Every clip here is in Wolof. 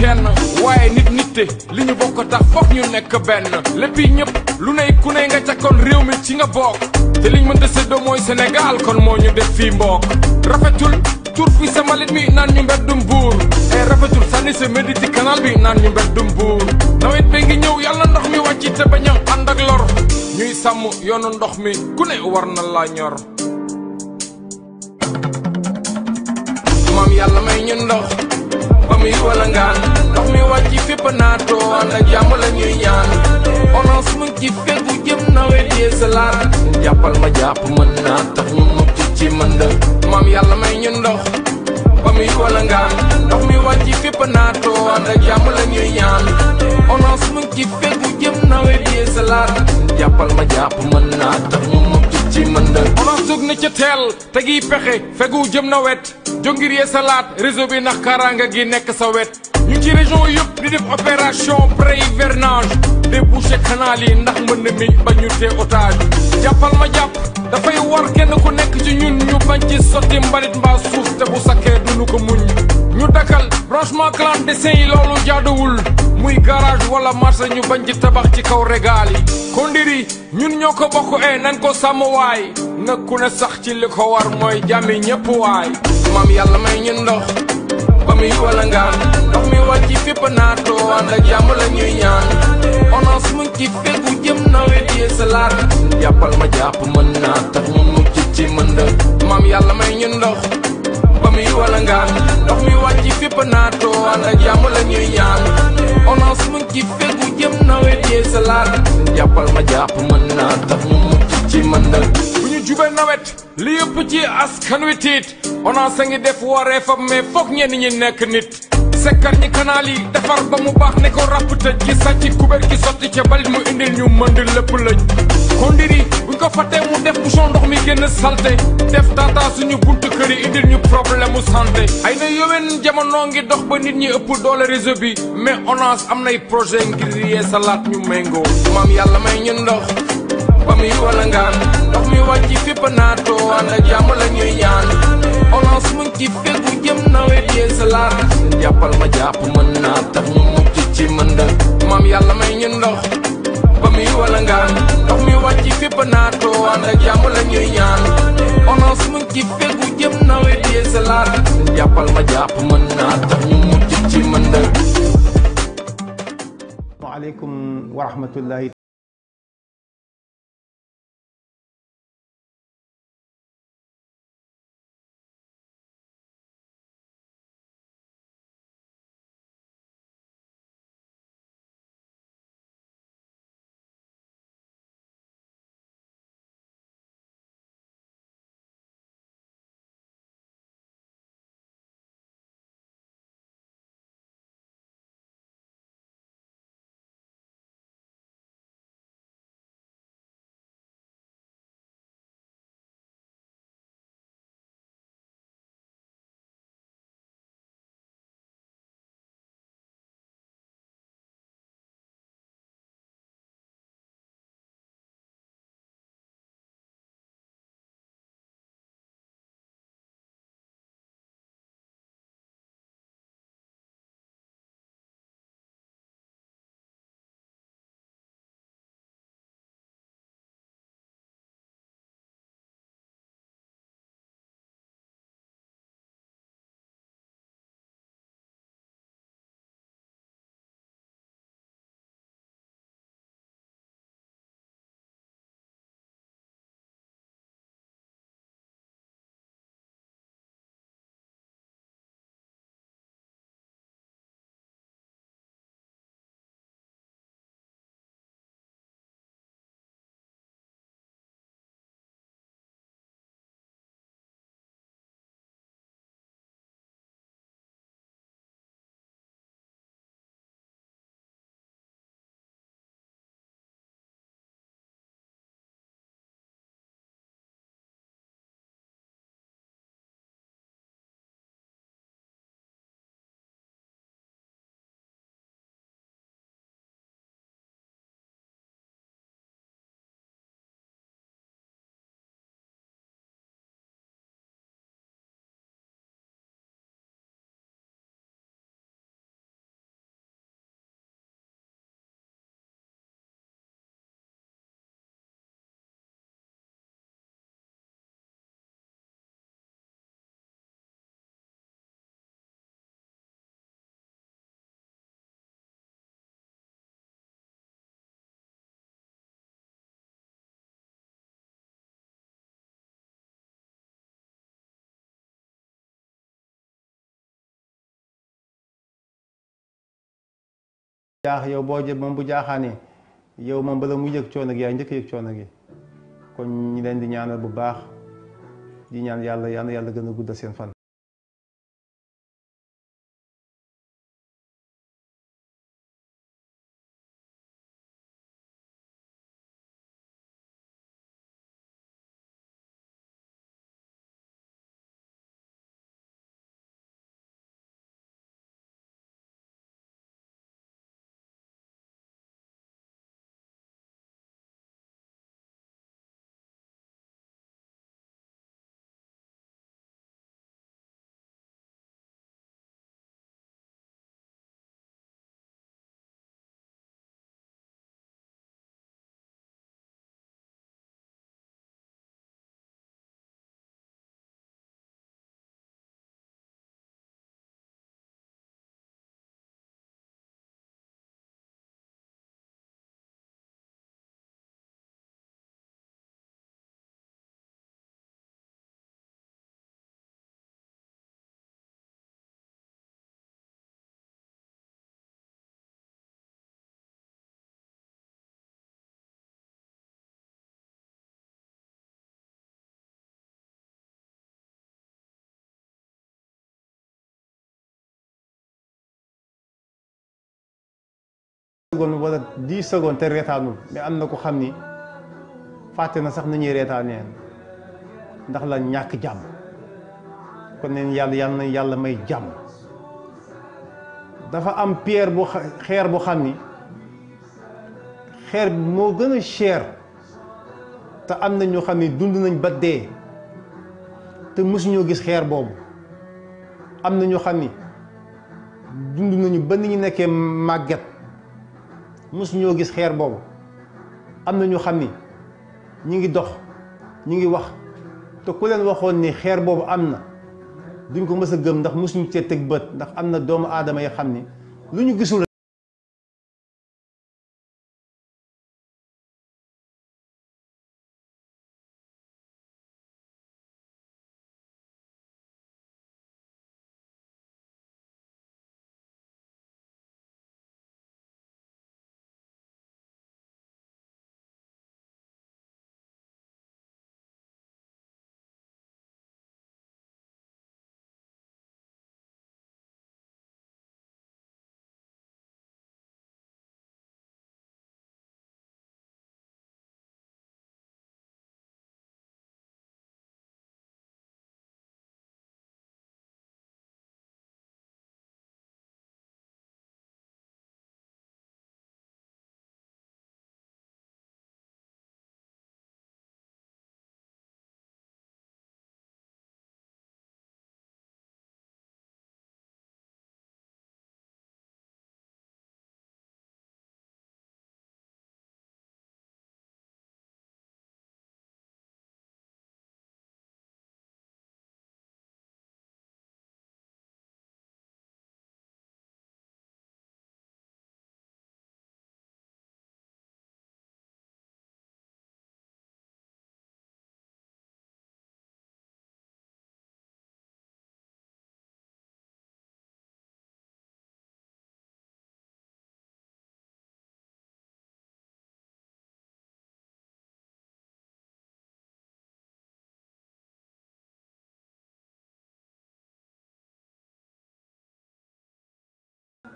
kenn waaye nit nitte li ñu bokk tax foog ñu nekk benn léppi ñëpp lu ney ku ney nga ca kon réew mi ci nga bokk te liñ mën a séddoo mooy Sénégal kon moo ñu def fii mbook rafetul tur fi sa malit mi naan ñu mbeddum buur ay e, rafetul sànni sa médi ci canal bi naan ñu mbeddum buur nawet bi ngi ñëw yàlla ndox mi wàcc te bañ a ànd ñuy sàmm yoonu ndox mi ku war na laa ñor maam yàlla may ñu ndox ba a walangaan ndox mi wàcc fépp naatoo ànd ak jàmm la ñuy ñaan onance mu ngi ci fegu jëm nawet yee salaat jàppal ma jàpp mën naa tax ñu mucc ci mënd maam yàlla may ñu ndox ba muy walangaan ndox mi wàcc fépp naatoo ànd ak jàmm la ñuy ñaan onance ci fegu jëm nawet yee salaat jàppal ma jàpp mën naa tax ñu mucc ci mënd onance jóg na ca teel te giy pexe fegu jëm nawet jóg ngir salaat réseau bi ndax kaaraange gi nekk sa wet ñu ngi ci région yëpp di def opération pré-hivernage débouché canal yi ndax mën na mi ba ñu tee otage jàppal ma jàpp dafay war kenn ku nekk ci ñun ñu bañ ci sotti mbalit mbaa suuf te bu sakkee duñu ko muñ ñu dakkal branchement de yi loolu jaaduwul muy garage wala marché ñu bañ ci tabax ci kaw régal yi Kondiri ñun ñoo ko bokk e eh, nan ko sàmm waay na ku ne sax ci li ko war mooy jàmmi ñépp waay maam yàlla may ñu ndox ba muy wala ngaan ndox mi wàcc fépp naatoo ànd ak jàmm la ñuy ñaan onance mu ci fegu jëm nawet yi salaat jàppal ma jàpp mën naa tax mu mucc ci mënd maam yàlla may ñu dox ba muy walangaan ndox mi wàcc fépp naatoo ànd ak jàmm la ñuy ñaan onance mu ngi ci fegu jëm nawet yee salaat jàppal ma jàpp mën naa tax mu mucc ci mën na bu ñu jubee nawet li yëpp ci askan wi tiit onance a ngi def waree fam mais foog ñi nekk nit sekkar ñi kanaal yi defar ba mu baax ne ko ràpp tëj ki sàcc kubéer ki sotti ca balit mu indil ñu mënd lépp lëj kondiri buñ ko fàttee mu def bouchon ndox mi génn salté def tata suñu kër yi indil ñu problème mu ay na yoween jamono ngi dox ba nit ñi ëpp doole réseau bi mais ONAS am nay projet ngir yee salaat ñu méngoo maam yàlla may ñu ndox ba muy wala ndox mi wàcc fépp naatoo ànd ak jàmm la ñuy ñaan olance jëm nawet yee salaat jàppal ma jàpp mën naa tax ñu mucc ci mën da maam yàlla may ñu ndox ba muy wala ngaan mi wàcc fépp naatoo ànd ak jàmm la ñuy ñaan olance jëm nawet yee salaat jàppal ma jàpp mën naa tax ñu mucc ci jaax yow boo jë moom bu jaaxaanee yow moom bala muy yëg coono gi yaay njëkk yëg coono gi kon ñi leen di ñaanal bu baax di ñaan yàlla yàlla yàlla gën a guddal seen fan أنا سكون بعد 10 سكون تريتانو بأمنا كخامني فاتنا سخن نيريتانين دخل نياك جام كنن يال يال يال ماي جام دفع أم بير بو خير بو خامني خير موجن شير تا أمنا نيو خامني دون دون بدي تمس نيو جس خير بوم أمنا نيو خامني دون دون بني نكيم ماجت mos ñoo gis xeer boobu am na ñu xam ni ñu ngi dox ñu ngi wax te ku leen waxoon ni xeer boobu am na duñ ko mës a gëm ndax mosuñu cee teg bët ndax am na doomu aadama yi xam ni lu ñu gisul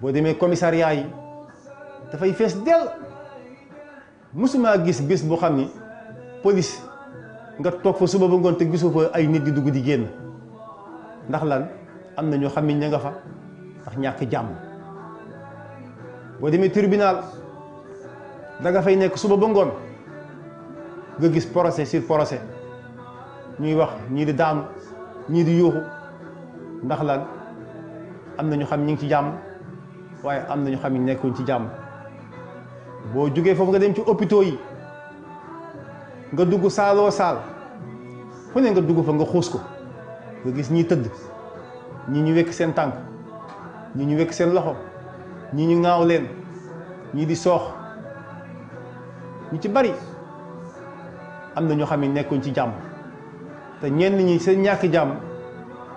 boo demee commissariat yi dafay fees del musuma gis bis boo xam ni police nga toog fa suba ba ngoon te gisoo fa ay nit di dugg di génn ndax lan am na ñoo xam ni ña nga fa ndax ñàkk jàmm boo demee tribunal da nga fay nekk suba ba ngoon nga gis procès sur procès ñuy wax ñii di daanu di ndax lan am na ñu xam ñi ci waaye am na ñu xam ne nekkuñ ci jàmm boo jógee foofu nga dem ci hôpitaux yi nga dugg saaloo saal fu ne nga dugg fa nga xuus ko nga gis ñiy tëdd ñi ñu wekk seen tànk ñi ñu wekk seen loxo ñi ñu ŋaaw leen ñii di soox ñu ci bari am na ñoo xam ne nekkuñ ci jàmm te ñenn ñi seen ñàkk jàmm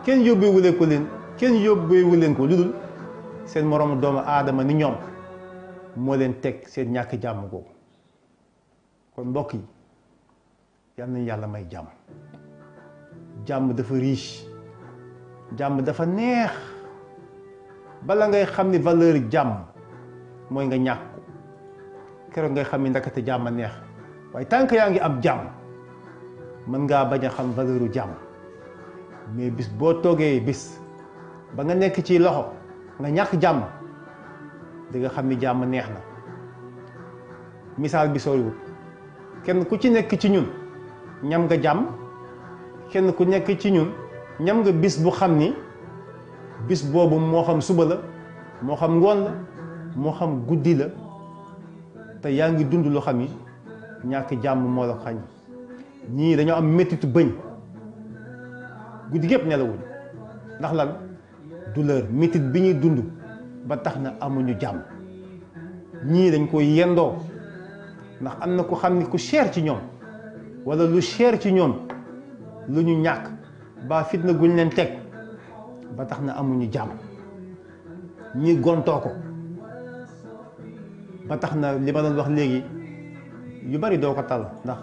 kenn yóbbeewu leen ko leen kenn yóbbeewu leen ko lu dul seen moroomu doomu aadama ni ñoom moo leen teg seen ñàkk jàmm googu kon mbokk yi yal nañu yàlla may jàmm jàmm dafa riche jàmm dafa neex bala ngay xam ni valeur jàmm mooy nga ñàkk ko keroog ngay xam ni ndakate jàmm a neex waaye tànk yaa ngi am jàmm mën ngaa bañ a xam valeuru jàmm mais bis boo toogee bis ba nga nekk ci loxo nga ñàkk jàmm di nga xam ni jàmm neex na misaal bi soriwul kenn ku ci nekk ci ñun ñam nga jàmm kenn ku nekk ci ñun ñam nga bis bu xam ni bis boobu moo xam suba la moo xam ngoon la moo xam guddi la te yaa ngi dund loo xam ni ñàkk jàmm moo la xañ ñii dañoo am mettitu bëñ guddi gépp nelawuñ ndax lan douleur métit bi ñuy dund ba tax na amuñu jàmm ñii dañ koy yendoo ndax am na ku xam ni ku cher ci ñoom wala lu cher ci ñoom lu ñu ñàkk ba fitna guñ leen teg ba tax na amuñu jàmm ñi gontoo ko ba tax na li ma doon wax léegi yu bari doo ko tal ndax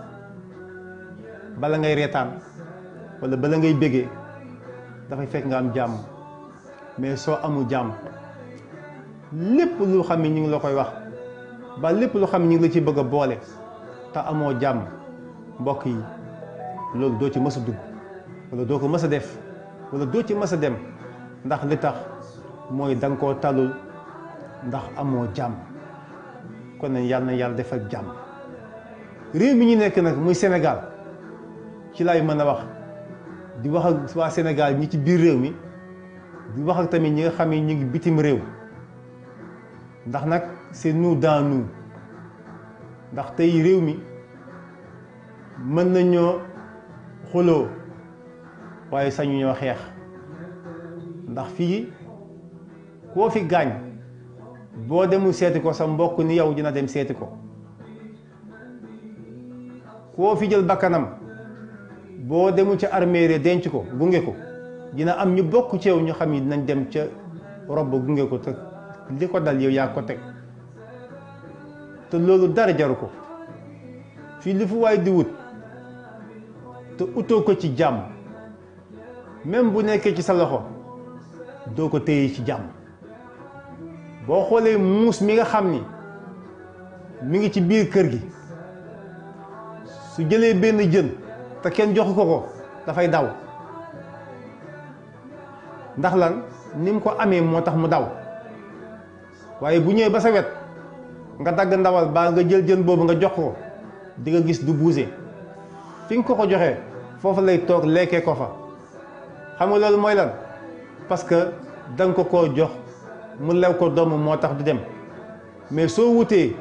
bala ngay reetaan walla bala ngay bégee dafay fekk nga am jàmm mais soo amul jàmm lépp lu xam ne ñu ngi la koy wax ba lépp lu xam ne ñu ngi la ci bëgg a boole te amoo jàmm mbokk yi loolu doo ci mës a dugg wala doo ko mës a def wala doo ci mës a dem ndax li tax mooy danga nga koo talul ndax amoo jàmm kon nag yàlla na yàlla defal jàmm réew mi ñu nekk nag muy Sénégal ci lay mën a wax di wax ak waa Sénégal ñi ci biir réew mi. di wax ak tamit ñi nga xam ne ñu ngi bitim réew ndax nag c'est nous daa nous ndax tey réew mi mën nañoo xuloo waaye sañu ñoo xeex ndax fii koo fi gaañ boo demul seeti ko sa mbokk ni yow dina dem seeti ko koo fi jël bakkanam boo demul ca armée denc ko gunge ko dina am ñu bokk ci yow ñu xam ni dinañ dem ca rob gunge ko te li ko dal yow yaa ko teg te loolu dara jaru ko fii li fu waay di wut te utoo ko ci jàmm même bu nekkee ci sa loxo doo ko téye ci jàmm boo xoolee muus mi nga xam ni mu ngi ci biir kër gi su jëlee benn jën te kenn joxu ko ko dafay daw ndax lan ni mu ko amee moo tax mu daw waaye bu ñëwee ba sa wet nga dagg ndawal baa nga jël jën boobu nga jox ko di nga gis du buuse fi nga ko ko joxee foofu lay toog lekkee ko fa xam nga loolu mooy lan parce que da nga ko koo jox mu lew ko doomu moo tax du dem mais soo wutee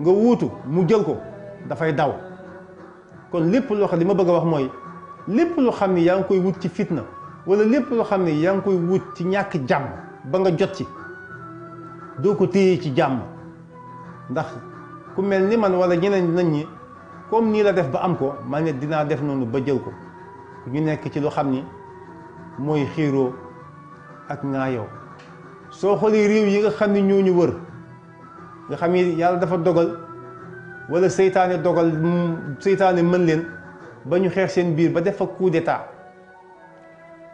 nga wuutu mu jël ko dafay daw kon lépp loo xam li ma bëgg a wax mooy lépp lu xam ni yaa ngi koy wut ci fitna wala lépp loo xam ne yaa ngi koy wut ci ñàkk jàmm ba nga jot ci doo ko téye ci jàmm ndax ku mel ni man wala ñeneen nañ ñi comme nii la def ba am ko man ne dinaa def noonu ba jël ko ñu nekk ci loo xam ni mooy xiiroo ak ŋaayoo soo xoolee réew yi nga xam ni ñoo ñu wër nga xam ni yàlla dafa dogal wala seytaane dogal seytaane mën leen ba ñu xeex seen biir ba def fa coup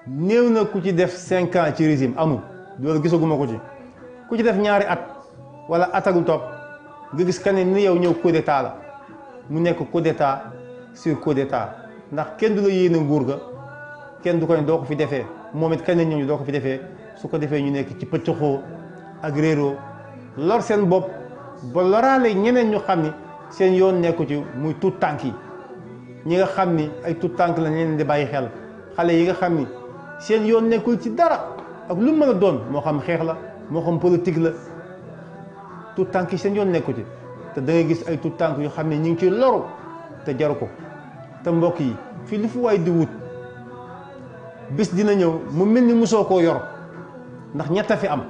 néew na ku ci def cinq ci résime amul loolu gisaguma ko ci ku ci def ñaari at wala atagu topp nga gis ka ne ni yow ñëw coup d'état la mu nekk coup d'état sur coup d'état ndax kenn du la yéene nguur ga kenn du ko ne doo ko fi defee moom it kañ la ñëw doo ko fi defee su ko defee ñu nekk ci pëccëxoo ak réeroo lor seen bopp ba loraale ñeneen ñu xam ni seen yoon nekku ci muy tuut tànk yi ñi nga xam ni ay tuut tànk la ñeneen di bàyyi xel xale yi nga xam ni. seen yoon nekkul ci dara ak lu mën a doon moo xam xeex la moo xam politique la tout tànk yi seen yoon nekku ci te da ngay gis ay tout tànk yu xam ne ñu ngi ci loru te jar ko te mbokk yi fi li fu waay di wut bis dina ñëw mu mel ni mosoo koo yor ndax ñett fi am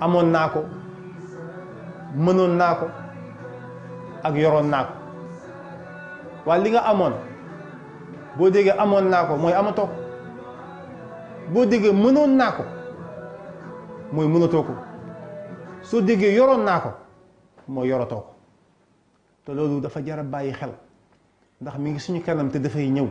amoon naa ko mënoon naa ko ak yoroon naa ko waaye li nga amoon boo déggee amoon naa ko mooy amatoo boo déggee mënoon naa ko mooy mënatoo ko soo déggee yoroon naa ko mooy yoratoo ko te loolu dafa jar a bàyyi xel ndax mi ngi suñu kanam te dafay ñëw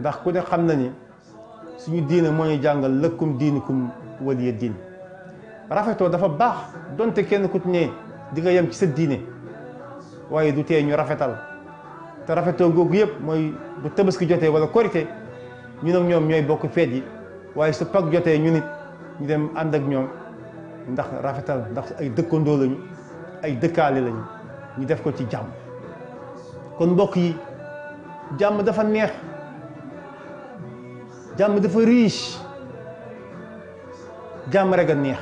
ndax ku ne xam na ni suñu diine moo ñu jàngal lëkkum diinikum waliya diin rafetoo dafa baax donte kenn ku ne di nga yem ci sa diine waaye du tee ñu rafetal te rafetoo googu yëpp mooy bu tabaski jotee wala korite ñu nag ñoom ñooy bokk feet yi waaye su pag jotee ñu nit ñu dem ànd ak ñoom ndax rafetal ndax ay dëkkandoo lañu ay dëkkaale lañu ñu def ko ci jàmm kon mbokk yi jàmm dafa neex jàmm dafa riche jàmm rek a neex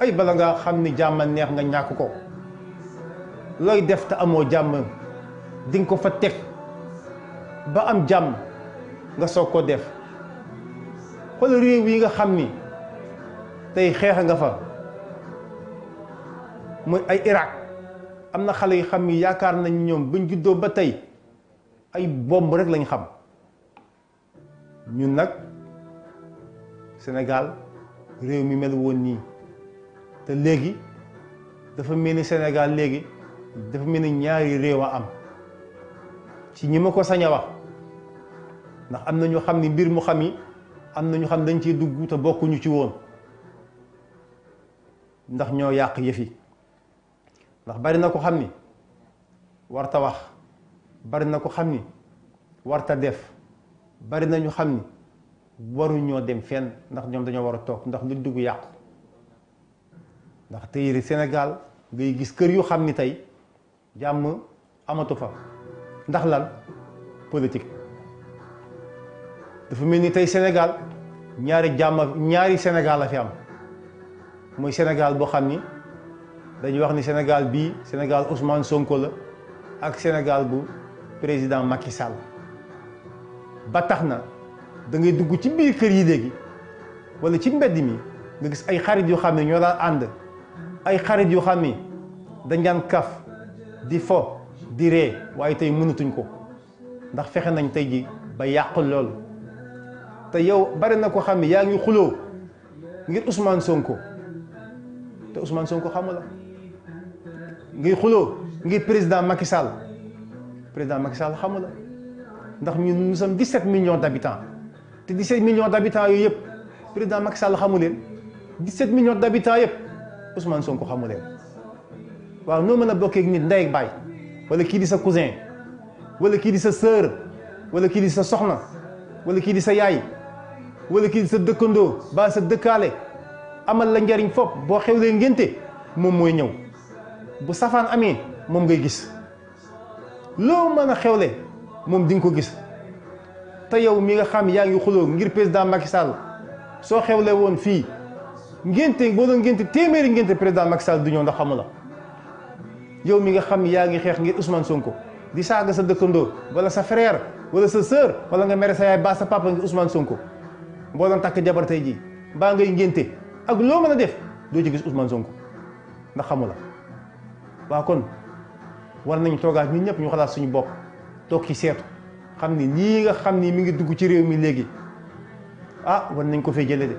ay bala nga xam ni jàmm neex nga ñàkk ko looy def te amoo jàmm di ko fa teg ba am jàmm nga soog ko def xool réew yi nga xam ni tey xeexa nga fa muy ay Irak am na xale yu xam yi yaakaar nañ ñoom buñ juddoo ba tey ay bomb rek lañ xam ñun nag Sénégal réew mi mel woon nii te léegi dafa mel ni Sénégal léegi dafa mel ni ñaari réew a am ci ñi ma ko sañ a wax ndax am na ñu xam ni mbir mu xam yi am na ñu xam dañ ciy dugg te bokkuñu ci woon ndax ñoo yàq yëf yi ndax bari na ko xam ni warta wax bari na ko xam ni warta def bari nañu xam ni waruñoo dem fenn ndax ñoom dañoo war a toog ndax lu dugg yàqu ndax tey Sénégal ngay gis kër yu xam ni tey jàmm amatu fa ndax lan politique dafa mel ni tey Sénégal ñaari jàmm ñaari Sénégal la fi am mooy Sénégal boo xam ni dañuy wax ni Sénégal bii Sénégal Ousmane Sonko la ak Sénégal bu président Macky Sall. ba tax na da ngay dugg ci biir kër yi léegi wala ci mbedd mi nga gis ay xarit yoo xam ne ñoo daan ànd ay xarit yoo xam ne dañ daan kaf di fo di ree waaye tey mënatuñ ko ndax fexe nañ tey ji ba yàq loolu te yow bari na ko xam ne yaa ngi xuloo ngir Ousmane Sonko te Ousmane Sonko xamu la ngir xuloo ngir président Macky Sall président Macky Sall xamu ndax ñu nous sommes 17 millions d' habitants te 17 millions d' habitants yooyu yëpp président Macky Sall xamu leen 17 millions d' habitants yëpp Ousmane Sonko xamu leen waaw noo mën a bokkee ak nit ndey baay wala kii di sa cousin wala kii di sa sœur wala kii di sa soxna wala kii di sa yaay wala kii di sa dëkkandoo ba sa dëkkaale amal la njariñ fopp boo xewlee ngénte moom mooy ñëw bu safaan amee moom ngay gis loo mën a xewle moom di nga ko gis te yow mi nga xam yaa ngi xuloo ngir président Macky Sall soo xewle woon fii ngénte boo doon ngénte téeméeri ngénte président Macky Sall du ñëw ndax xamu la yow mi nga xam yaa ngi xeex ngir Ousmane Sonko di saaga sa dëkkandoo wala sa frère wala sa sœur wala nga mere sa yaay ba sa papa ngir Ousmane Sonko boo doon takk jabar tey jii baa ngay ngénte ak loo mën def doo ci gis Ousmane Sonko ndax xamu la kon war nañu toogaat ñun ñëpp ñu xalaat suñu bopp. toog ci seetu xam ni lii nga xam ni mi ngi dugg ci réew mi léegi ah war nañ ko fee jële de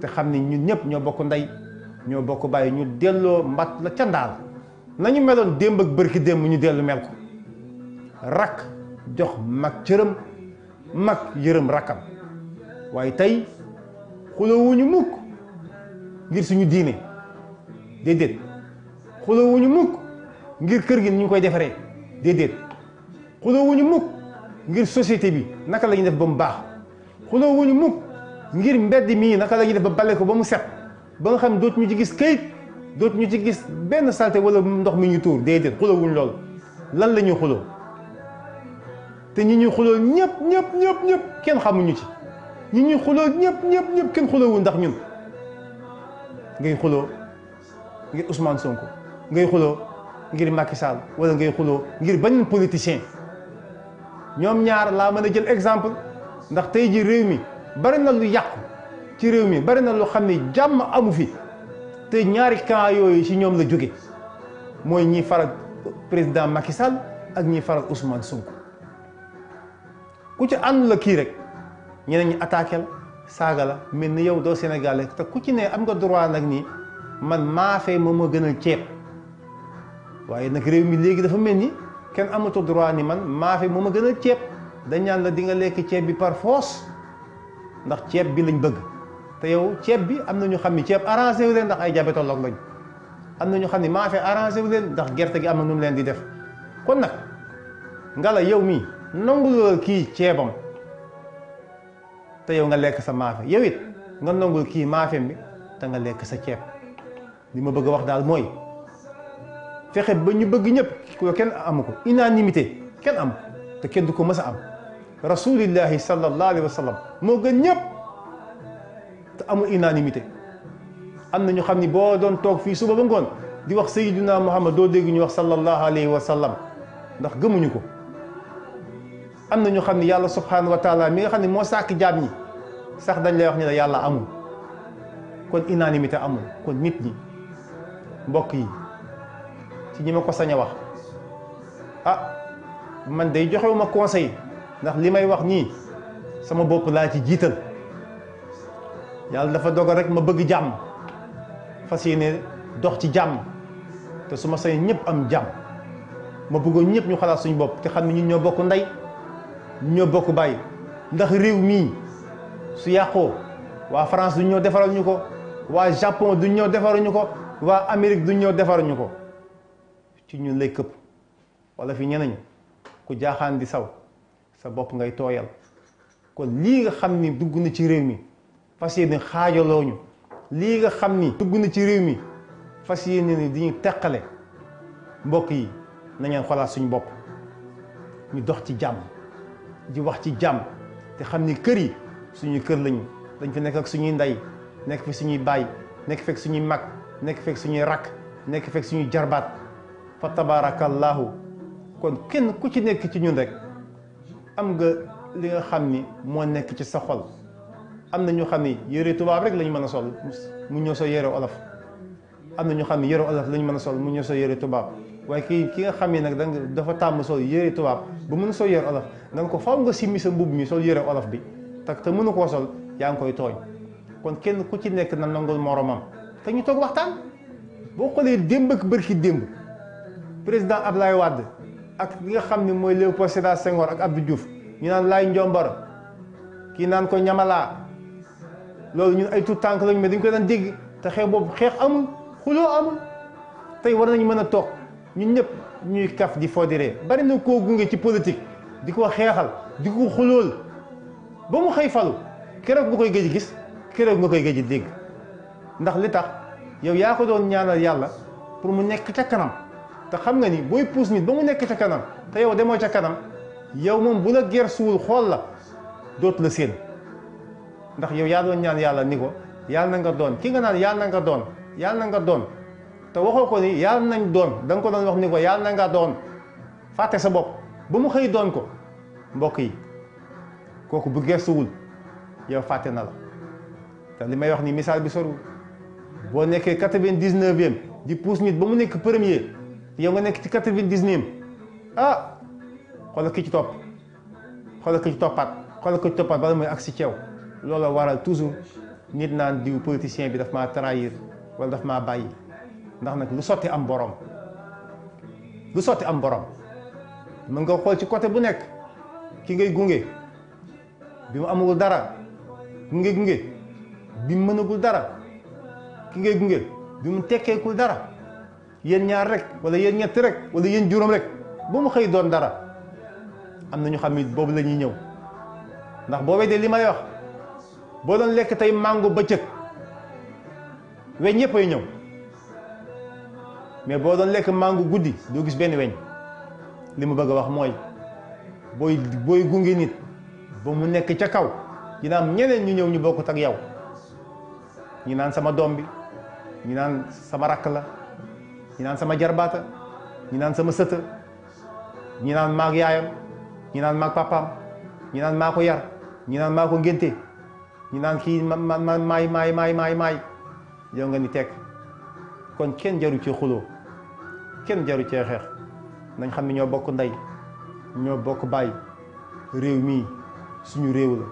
te xam ni ñun ñëpp ñoo bokk ndey ñoo bokk bàyyi ñu delloo mbat la ca ndaal nañu meloon démb ak bërki démb ñu dellu mel ko rakk jox mag cërëm mag yërëm rakkam waaye tey xulowuñu mukk ngir suñu diine déedéet xulowuñu mukk ngir kër gi ni ñu koy defaree déedéet xuloo wuñu mukk ngir société bi naka la ñuy def ba mu baax xuloo wuñu mukk ngir mbedd mii naka la def ba bale ko ba mu set ba nga xam dootu ñu ci gis këyit dootu ñu ci gis benn salte wala ndox mi ñu tuur déedéet xuloo wuñu loolu lan la ñuy xuloo te ñi ñuy xuloo ñëpp ñëpp ñëpp ñëpp kenn xamuñu ci ñi ñuy xuloo ñëpp ñëpp ñëpp kenn xuloo wu ndax ñun ngay xuloo ngir Ousmane Sonko ngay xuloo ngir Macky Sall wala ngay xuloo ngir beneen politicien ñoom ñaar laa mën a jël exemple ndax tey ji réew mi bari na lu yàqu ci réew mi bari na lu xam ni jàmm amu fi te ñaari camp yooyu ci ñoom la jóge mooy ñi faral président Macky Sall ak ñi faral Ousmane Sonko ku ci ànd la kii rek ñeneen ñi attaqué saaga la mel ni yow doo Sénégalais te ku ci ne am nga droit nag nii man maafe moom ma gën a ceeb waaye nag réew mi léegi dafa mel ni. kenn amatul droit ni man maafe moo ma gën a ceeb dañ ñaan la di nga lekk ceeb bi par force ndax ceeb bi lañ bëgg te yow ceeb bi am na ñu xam ni ceeb arrangé wu leen ndax ay diabétologue lañ am na ñu xam ni maafe arrangé wu leen ndax gerte gi am na nu mu leen di def kon nag nga la yow mii nanguloo kii ceebam te yow nga lekk sa maafe yow it nga nangul kii maafem bi te nga lekk sa ceeb li ma bëgg a wax daal mooy fexe ba ñu bëgg ñëpp ko kenn amu ko unanimité kenn am te kenn du ko mës a am rasulillahi sallallahu alayhi wa sallam moo gën ñëpp te amul unanimité am na ñu xam ni boo doon toog fii suba ba ngoon di wax sayyiduna muhammad doo dégg ñu wax sallallahu alayhi wa sallam ndax gëmuñu ko am na ñu xam ni yàlla subhanahu wa taala mi nga xam ne moo sàkk jaam ñi sax dañ lay wax ni la yàlla amul kon unanimité amul kon nit ñi mbokk yi ci ñi ma ko sañ a wax a ah, man day joxewuma conseil ndax li may wax nii sama bopp laa ci jiital yàlla dafa dogal rek ma bëgg jàmm fas yéene dox ci jàmm te su ma sañ ñëpp am jàmm ma bëggoon ñëpp ñu xalaat suñu bopp te xam ne ñu ñoo bokk ndey ñoo bokk bàyyi ndax réew mii su yàqoo waa France du ñëw defaral ñu ko waa Japon du ñëw defaruñu ko waa Amérique du ñëw defaruñu ko ci ñun lay këpp wala fi ñenañu ku jaaxaan di saw sa bopp ngay tooyal kon lii nga xam ni dugg na ci réew mi fas yéene xaajaloo ñu lii nga xam ni dugg na ci réew mi fas yéene ni di ñu teqale mbokk yi nañeen xolaat suñu bopp ñu dox ci jàmm di wax ci jàmm te xam ni kër yi suñu kër lañu dañ fi nekk ak suñuy ndey nekk fi suñuy baay nekk fekk suñuy mag nekk fekk suñuy rakk nekk fekk suñuy jarbaat فتبارك الله كون كين كوتي نيك تي نيون ريك امغا ليغا خامني مو نيك تي سا خول امنا ньо خامني ييري توباب ريك لا ني مانا سول مو ньо سو ييري اولاف امنا ньо خامني ييري اولاف لا ني مانا سول مو ньо سو ييري توباب واي كي كيغا خامني نك دا دا فا تام سول ييري توباب بو مون سو ييري اولاف نانكو فاو نغا سيمي سا مبوب مي سول ييري اولاف بي تاك تا مونو كو سول يان كوي توي كون كين كوتي نيك نان نانغول مورومام تا ني توك واختان بوكو لي ديمبك بركي ديمبك président ab lay wàdd ak li nga xam ne mooy Léopold Sédar Senghor ak Abdou Diouf ñu naan Laay Njomboor kii naan ko ñamalaa loolu ñun ay tout tànk lañu mais dañ ko daan dégg te xeex boobu xeex amul xuloo amul tey war nañu mën a toog ñun ñëpp ñuy kaf di foodiree bari na koo gunge ci politique di ko xeexal di ko xulool ba mu xëy falu keroog nga koy gëj gis keroog nga koy gëj dégg ndax li tax yow yaa ko doon ñaanal yàlla pour mu nekk ca kanam te xam nga ni booy puus nit ba mu nekk ca kanam te yow demoo ca kanam yow moom bu la gersuwul xool la dootu la séen ndax yow yaa doon ñaan yàlla ni ko yàlla na nga doon ki nga naan yàlla na nga doon yàlla na nga doon te waxoo ko ni yàlla nañ doon danga ko doon wax ni ko yàlla na nga doon fàtte sa bopp ba mu xëy doon ko mbokk yi kooku bu gersuwul yow fàtte na la te li may wax ni misaal bi sorul boo nekkee quatre vingt dix di pousse nit ba mu nekk premier yow nga nekk ci quatre-vingt-dix-neuf ah xool ki ci topp xool ki ci toppaat xoolal ki ci toppaat bala muy agsi ci yow looloo waral toujours nit naan diw politicien bi daf maa trahir wala daf maa bàyyi ndax nag lu sotti am borom lu sotti am borom mën nga xool ci côté bu nekk ki ngay gunge bi mu amagul dara ki gunge bi mu mënagul dara ki ngay gunge bi mu tekkeekul dara yéen ñaar rek wala yéen ñett rek wala yéen juróom rek bu mu xëy doon dara am na ñu xam ni boobu la ñuy ñëw ndax boo weddee li may wax boo doon lekk tey màngo bëccëg weñ yëpp ay ñëw mais boo doon lekk màngo guddi doo gis benn weñ li mu bëgg a wax mooy booy booy gunge nit ba mu nekk ca kaw dina am ñeneen ñu ñëw ñu bokkut ak yow ñi naan sama doom bi ñi naan sama rakk la. ñi naan sama jarbaata ñi naan sama sëta ñu naan maag yaayam ñu naan maag papaam ñu naan maa ko yar ñu naan maa ngénte ñu naan kii ma ma maay maay maay maay maay yow nga ni teg kon kenn jaru ci xuloo kenn jaru cee xeex nañ xam ne ñoo bokk ndey ñoo bokk baay réew mii suñu réew la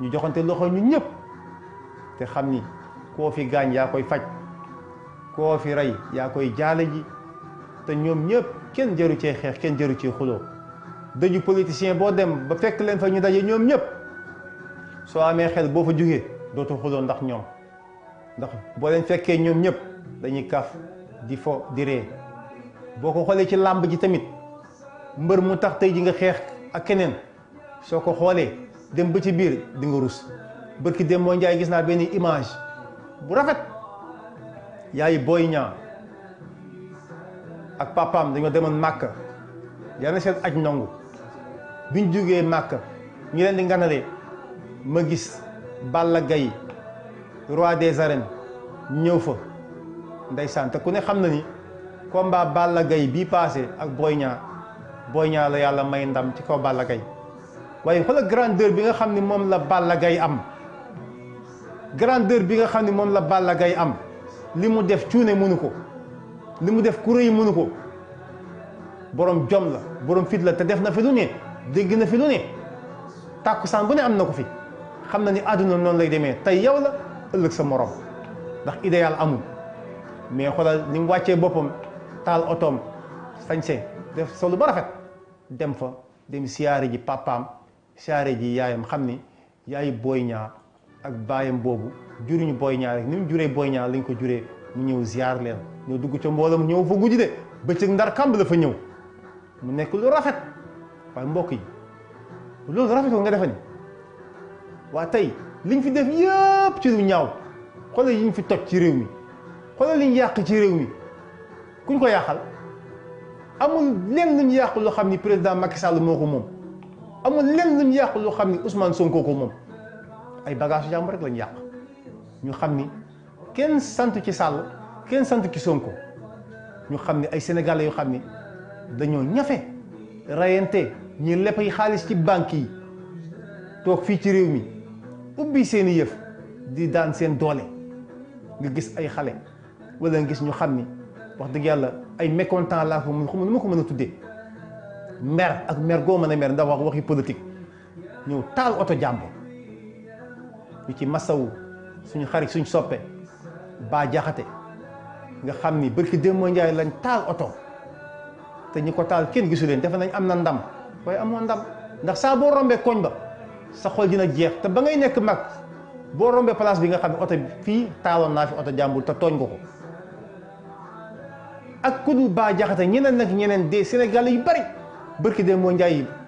ñu joxante loxo ñu ñëpp te xam ni koo fi gaañ yaa koy faj koo fi rey yaa koy jaale ji te ñoom ñëpp kenn jëru cee xeex kenn jëru cee xuloo dëju politicien boo dem ba fekk leen fa ñu daje ñoom ñëpp soo amee xel boo fa jugee dootu xuloo ndax ñoom ndax boo leen fekkee ñoom ñëpp dañuy kaf di fo di ree boo ko xoolee ci làmb ji tamit mbër mu tax tey ji nga xeex ak keneen soo ko xoolee dem ba ci biir di nga rus ki dem moo njaay gis naa benn image bu rafet yaay Boy Niang ak papaam dañoo demoon màkk yal na seen aj nangu bi ñu jógee màkk ñu leen di nganalee ma gis Balla gay roi des arènes ñëw fa ndeysaan te ku ne xam na ni combat Balla gay bii passé ak Boy Niang Boy Niang la yàlla may ndam ci kaw Balla Gaye waaye xoolal grandeur bi nga xam ni moom la Balla gay am grandeur bi nga xam ni moom la Balla gay am li mu def cuune mënu ko li mu def kuré yi mënu ko borom jom la borom fit la te def na fi lu ne dégg na fi lu ne tàkkusaan bu ne am na ko fi xam na ni àdduna noonu lay demee tey yow la ëllëg sa morom ndax idéal amul mais xoolal ni mu wàccee boppam taal otoom sañse def solu ba rafet dem fa dem siyaare ji papaam siyaare ji yaayam xam ni yaayu booy ñaa ak baayam boobu juruñu Boy Niang rek juree Boy Niang lañ ko juree mu ñëw ziar leen ñëw dugg ca mboolam ñëw fa guddi de bëccëg ndar kàmb la fa ñëw mu nekk lu rafet waaye mbokk yi loolu rafet ko nga defe waa tey liñ fi def yëpp ci lu ñaaw xoolal yiñ fi toj ci réew mi xoolal liñ yàq ci réew mi kuñ ko yàqal amul lenn luñ yàqu loo xam ni président Macky Sall moo ko moom amul lenn luñ yàqu loo xam ni Ousmane Sonko ko moom ay bagage jàmm rek lañu yàq ñu xam ni kenn sant ci sàll kenn sant ci Sonko ñu xam ni ay sénégalais yoo xam ni dañoo ñafe reyante ñu lepp yi xaalis ci banque yi toog fii ci réew mi ubbi seeni yëf di daan seen doole nga gis ay xale wala nga gis ñu xam ni wax dëgg yàlla ay mécontent laa mu mun xuma nu ma ko mën a tuddee mer ak mer goo mën a mer ndax wax waxi politique ñëw taal oto jàmbur ñu ci masawu suñu xarit suñ soppe ba jaxate nga xam ni barki démb njaay lañ taal oto te ñi ko taal kenn gisu nañ am nandam ndam waaye amoo ndam ndax saa boo rombee koñ ba sa xol dina jeex te ba ngay nekk mag boo rombee place bi nga xam ne oto bi fii fi oto jàmbul te tooñ nga ko ak ku dul baa jaxate ñeneen nag ñeneen dee sénégal yu bari barki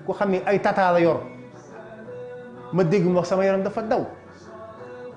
ko xam ni ay tata la yor ma dégg mu wax sama yaram dafa daw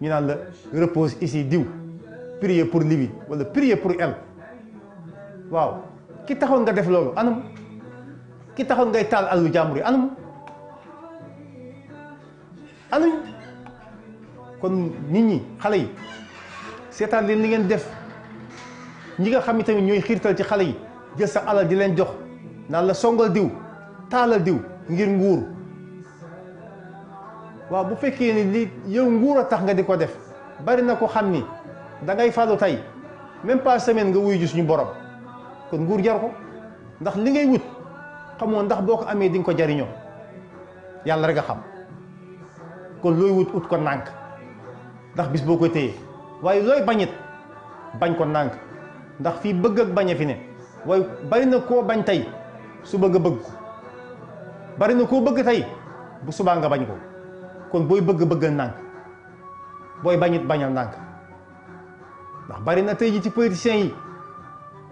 ñu naan la repose ici diw prier pour Libye wala prier pour elle waaw ki taxoon nga def loolu anam ki taxoon ngay taal àllu jàmbur yi anam anuñ kon nit ñi xale yi seetaan leen li ngeen def ñi nga xam ni tamit ñooy xiirtal ci xale yi jël sa alal di leen jox naan la songal diw taalal diw ngir nguur waaw bu fekkee ni li yow nguur a tax nga di ko def bari na ko xam ni da ngay falu tey même pas semaine nga wuy ji suñu borom kon nguur jar ko ndax li ngay wut xamoo ndax boo ko amee dinga ko jariñoo yàlla rek a xam kon looy wut wut ko nànk ndax bis boo ko téye waaye looy bañit bañ ko nànk ndax fii bëgg ak bañ a fi ne waaye bari na koo bañ tey suba nga bëgg ko bari na koo bëgg tey bu subaa nga bañ ko kon boy bëgg bëggal nang, boy bañit bañal nang. ndax bari na tey ji ci politiciens yi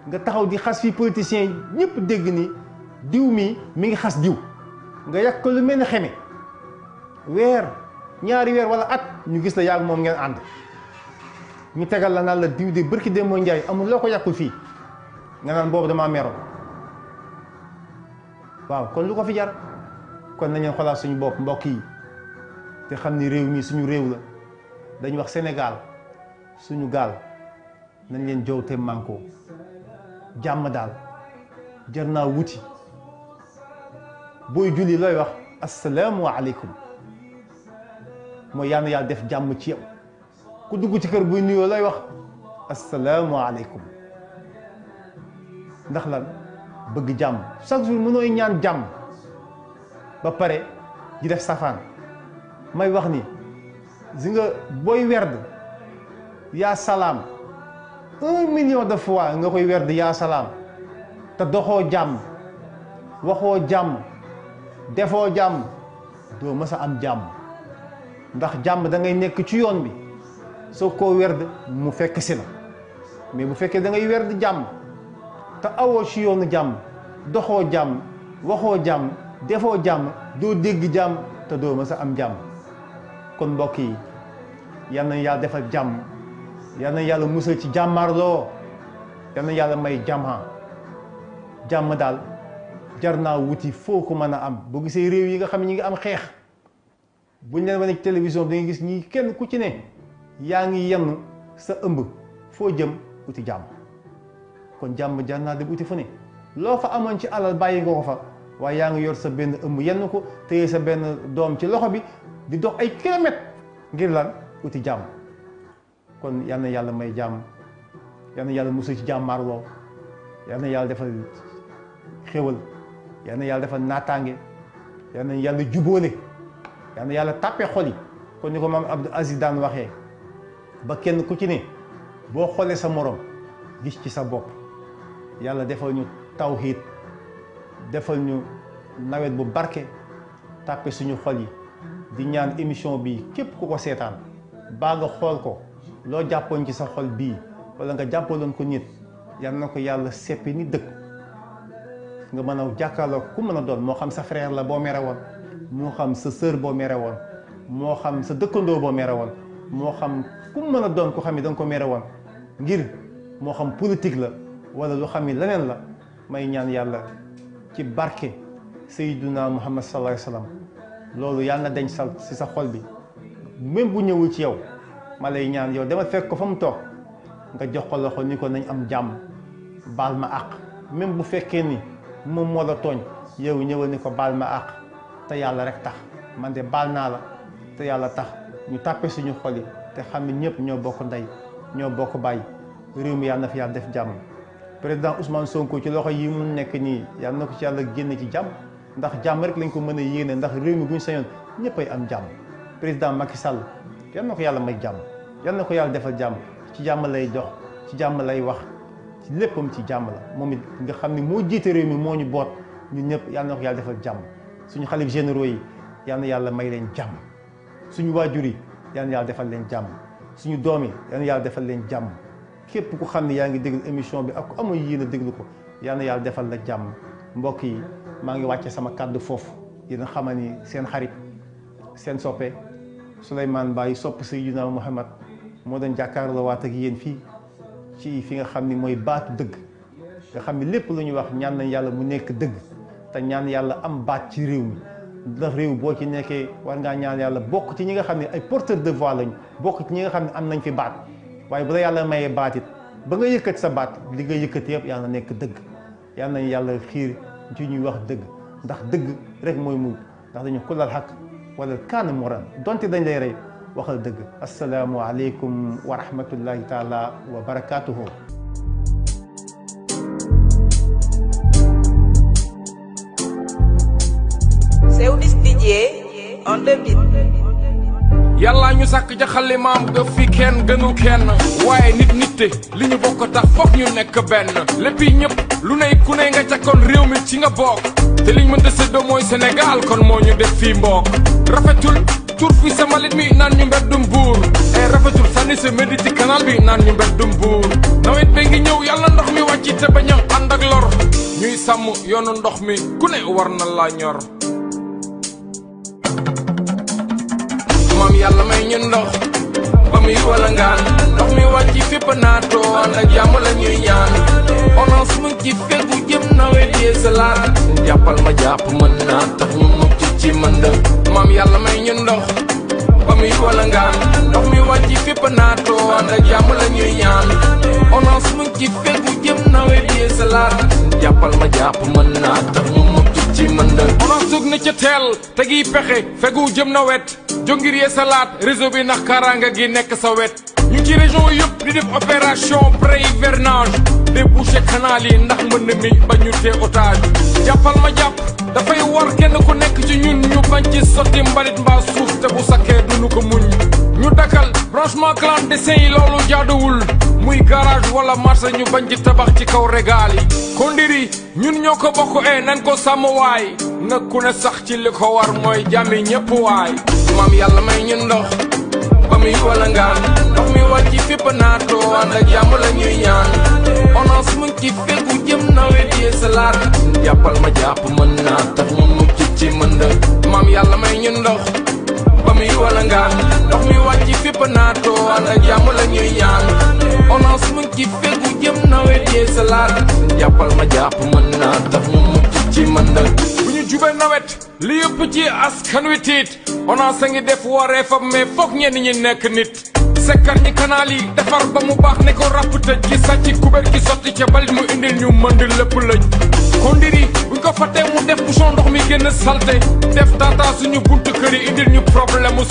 nga taxaw di xas fi politiciens degni, diumi dégg ni diw mi mi ngi nyari diw nga yàq ko lu mel ni xeme weer ñaari weer wala at ñu gis la yàgg moom ngeen ànd ñu tegal la naan la diw amul nga waaw kon lu ko fi jar kon nañu xoolaat suñu bopp mbokk yi te xam ni réew mi suñu réew la dañu wax Sénégal suñu gaal nañ leen jow te mànkoo jàmm daal jar naa wuti booy julli looy wax asalaamu aleykum mooy yàlla na yàlla def jàmm ci yow ku dugg ci kër buy nuyoo lay wax asalaamu aleykum ndax lan bëgg jàmm chaque jour mënooy ñaan jàmm ba pare di def safaan may wax ni si booy werd yaa salaam un million de fois nga koy werd yaa salaam te doxoo jàmm waxoo jàmm defoo jàmm doo mës a am jàmm ndax jàmm dangay nekk ci yoon bi soo koo werd mu fekk si la mais bu fekkee da ngay werd jàmm te awoo ci yoonu jàmm doxoo jàmm waxoo jàmm defoo jàmm doo dégg jàmm te doo mës a am jàmm kon mbokk yi yal nañu yaa defal jàmm yal nañu yàlla musal ci jàmmarloo yal nañu yàlla may jàmmaa jàmm daal jar naa wuti foo ko mën a am boo gisee réew yi nga xam ne ñi ngi am xeex buñ leen wane ci télévision bi nga gis ñi kenn ku ci ne yaa ngi yenn sa ëmb foo jëm wuti jàmm kon jàmm jar naa dem uti fu ne loo fa amoon ci alal bàyyi ngoo ko fa waaye yaa ngi yor sa benn ëmb yenn ko téye sa benn doom ci loxo bi di dox ay kilomètres ngir lan uti jàmm kon yal yàlla may jàmm yal yàlla musul ci jàmmaar woow yàlla defal xéwal yal na yàlla defal naataange yal na yàlla jubóole yal yàlla tàppe xol yi kon ni ko maam Abdou Aziz daan waxee ba kenn ku ci ne boo xoolee sa moroom gis ci sa bopp yàlla defal ñu taw tawhiid defal ñu nawet bu barke tàppe suñu xol yi di ñaan émission bii képp ku ko seetaan baa xool ko loo jàppoon ci sa xol bii wala nga jàppaloon ko nit yal na ko yàlla seppi ni dëkk nga mën a jàkkaarloo ku mën a doon moo xam sa fereer la boo mere woon moo xam sa sœur boo mere woon moo xam sa dëkkandoo boo mere woon moo xam ku mën a doon ku xam ni da ko mere woon ngir moo xam politique la wala lu xam ni leneen la may ñaan yàlla ci barke Seydina Muhammad sallallahu alayhi wa sallam loolu yàlla na denc sal si sa xol bi même bu ñëwul ci yow malay ñaan yow dama fekk ko fa mu toog nga jox ko loxo ni ko nañ am jàmm baal ma àq même bu fekkee ni moom moo la tooñ yow ñëwal ni ko baal ma àq te yàlla rek tax man de baal naa la te yàlla tax ñu tàppe suñu xol yi te xam ne ñëpp ñoo bokk ndey ñoo bokk bàyyi réew mi yàlla na fi yàlla def jàmm président Ousmane Sonko ci loxo yi mu nekk nii yàlla na ko ci yàlla génn ci jàmm ndax jàmm rek lañ ko mën a yéene ndax réew mi bu ñu sañoon ñëppay am jàmm président Macky sàll yàlla na ko yàlla may jàmm yàlla na ko yàlla defal jàmm ci jàmm lay dox ci jàmm lay wax ci ci jàmm moom it nga xam ne moo jiite réew mi moo ñu boot ñun ñëpp yàlla na defal jàmm suñu xalif généraux yi yàlla na yàlla may leen jàmm suñu waajur yi yàlla na yàlla defal leen jàmm suñu doom yi na yàlla defal leen jàmm képp ku xam ne yaa ngi déglu émission bi ak ku amul yéen a déglu ko yal na yàlla defal la jàmm mbokk yi maa ngi wàcce sama kàddu foofu dina xamal ni seen xarit seen soppe Souleymane Baye sopp Seydina Mouhamad moo doon jàkkaarloo waat ak yéen fii ci fi nga xam ni mooy baatu dëgg nga xam ni lépp lu ñu wax ñaan nañ yàlla mu nekk dëgg te ñaan yàlla am baat ci réew mi ndax réew boo ci nekkee war ngaa ñaan yàlla bokk ci ñi nga xam ne ay porteur de voix lañ bokk ci ñi nga xam ne am nañ fi baat waaye bu la yàlla maye baat it ba nga yëkkat sa baat li nga yëkkat yëpp yàlla nekk dëgg yàlla nañu yàlla xiir ci ñuy wax dëgg ndax dëgg rek mooy mujj ndax dañu kulal xaq wala kaan moran donte dañ lay rey waxal dëgg asalaamu aleykum wa rahmatullahi taala wa barakaatuhu. Sewdish DJ yàllaa ñu sàkk jaxale maam ga fi kenn gënu kenn waaye nit nitte li ñu bokk tax foog ñu nekk benn lépp yi ñëpp lu nekk ku ne nga ca réew mi ci nga bokk te liñ mënta séddoo mooy senegal kon moo ñu def fii mbook rafetul tur fi sa mbalit mi naan ñu mbeddum buur ay eh, rafetul sànni sa médi ci canal bi naan ñu mbeddum buur nawet ba ngi ñëw yàlla ndox mi wàcc te bañ a ànd ak lor ñuy sàmm yoonu ndox mi ku ne war na laa ñor yàlla may ñu ndox ba muy walangaan ndox mi wàcc fépp naatoo ànd ak jàmm la ñuy ñaan onance mu ngi ci fegu jëm nawet yee salaat jàppal ma jàpp mën naa tax ñu mucc ci mënd maam yàlla may ñu ndox ba muy walangaan ndox mi wàcc fépp naatoo ànd ak jàmm la ñuy ñaan onance mu ngi ci fegu jëm nawet yee salaat jàppal ma jàpp mën naa tax ñu ci mën la onon sug ni ca teel te giy pexe fegu jëm na wet jongir yee salaat réseau bi ndax kaaraanga gi nekk sa wet ñu ci région yëpp di def opération pré-hivernage débouché canal yi ndax mën mi ba ñu tee otage jàppal ma jàpp dafay war kenn ku nekk ci ñun ñu bañ ci sotti mbalit mbaa suuf te bu sakkee duñu ko muñ ñu dakkal branchement clandestin yi loolu jaaduwul muy garage wala marché ñu bañ ci tabax ci kaw régal yi kon ndiri ñun ñoo ko bokk e nan ko sàmm waay na ku ne sax ci li ko mooy jàmmi ñépp waay maam yàlla may ñun ndox ba muy wala ngaan ndox mi war ci fépp naatoo ànd ak jàmm la ñuy ñaan onos mu ngi ci fegu jëm nawet yee salaat jàppal ma jàpp mën naa tax ñu mucc ci mënd maam may ñun ndox mi wala ngaan ndox mi wàcc fépp naato ànd a jàmm la ñuy ñaan onance mu ngi ci fegu jëm nawet yee salaat jàppal ma jàpp mën naa tax ñu mucc ci mën na bu ñu jubee nawet li yëpp ci askan wi tiit onance a ngi def waree fam mais foog ñenn ñi nekk nit sekkar ñi kanaal yi defar ba mu baax ne ko ràpp tëj ki sàcc kubér ki sotti ca balit mu indil ñu mënd lépp lëj kondiri buñ ko fàttee mu def bouchon ndox mi génn salte def tata suñu kër yi indil ñu problème mu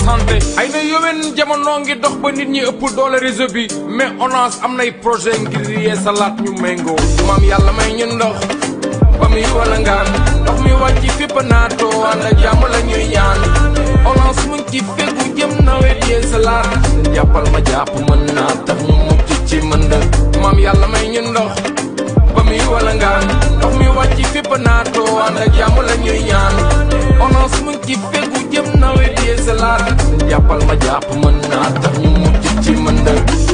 ay na yowén jamono ngi dox ba nit ñi ëpp doole réseau bi mais ONAS am nay projet ngir yee salaat ñu méngoo maam yàlla may ñu ndox ba muy wala ngaan ndox mi wàcc fépp naatoo ànd ak jàmm la ñuy ñaan Orange mu ngi ci fegu jëm nawet yee salaat jàppal ma jàpp mën naa tax ñu mucc ci mënd maam yàlla may ñu ndox ba muy wala ngaan ndox mi wàcc fépp naatoo ànd ak la ñuy ñaan Orange mu ngi ci fegu jëm nawet yee salaat jàppal ma jàpp mën naa tax ñu mucc ci mënd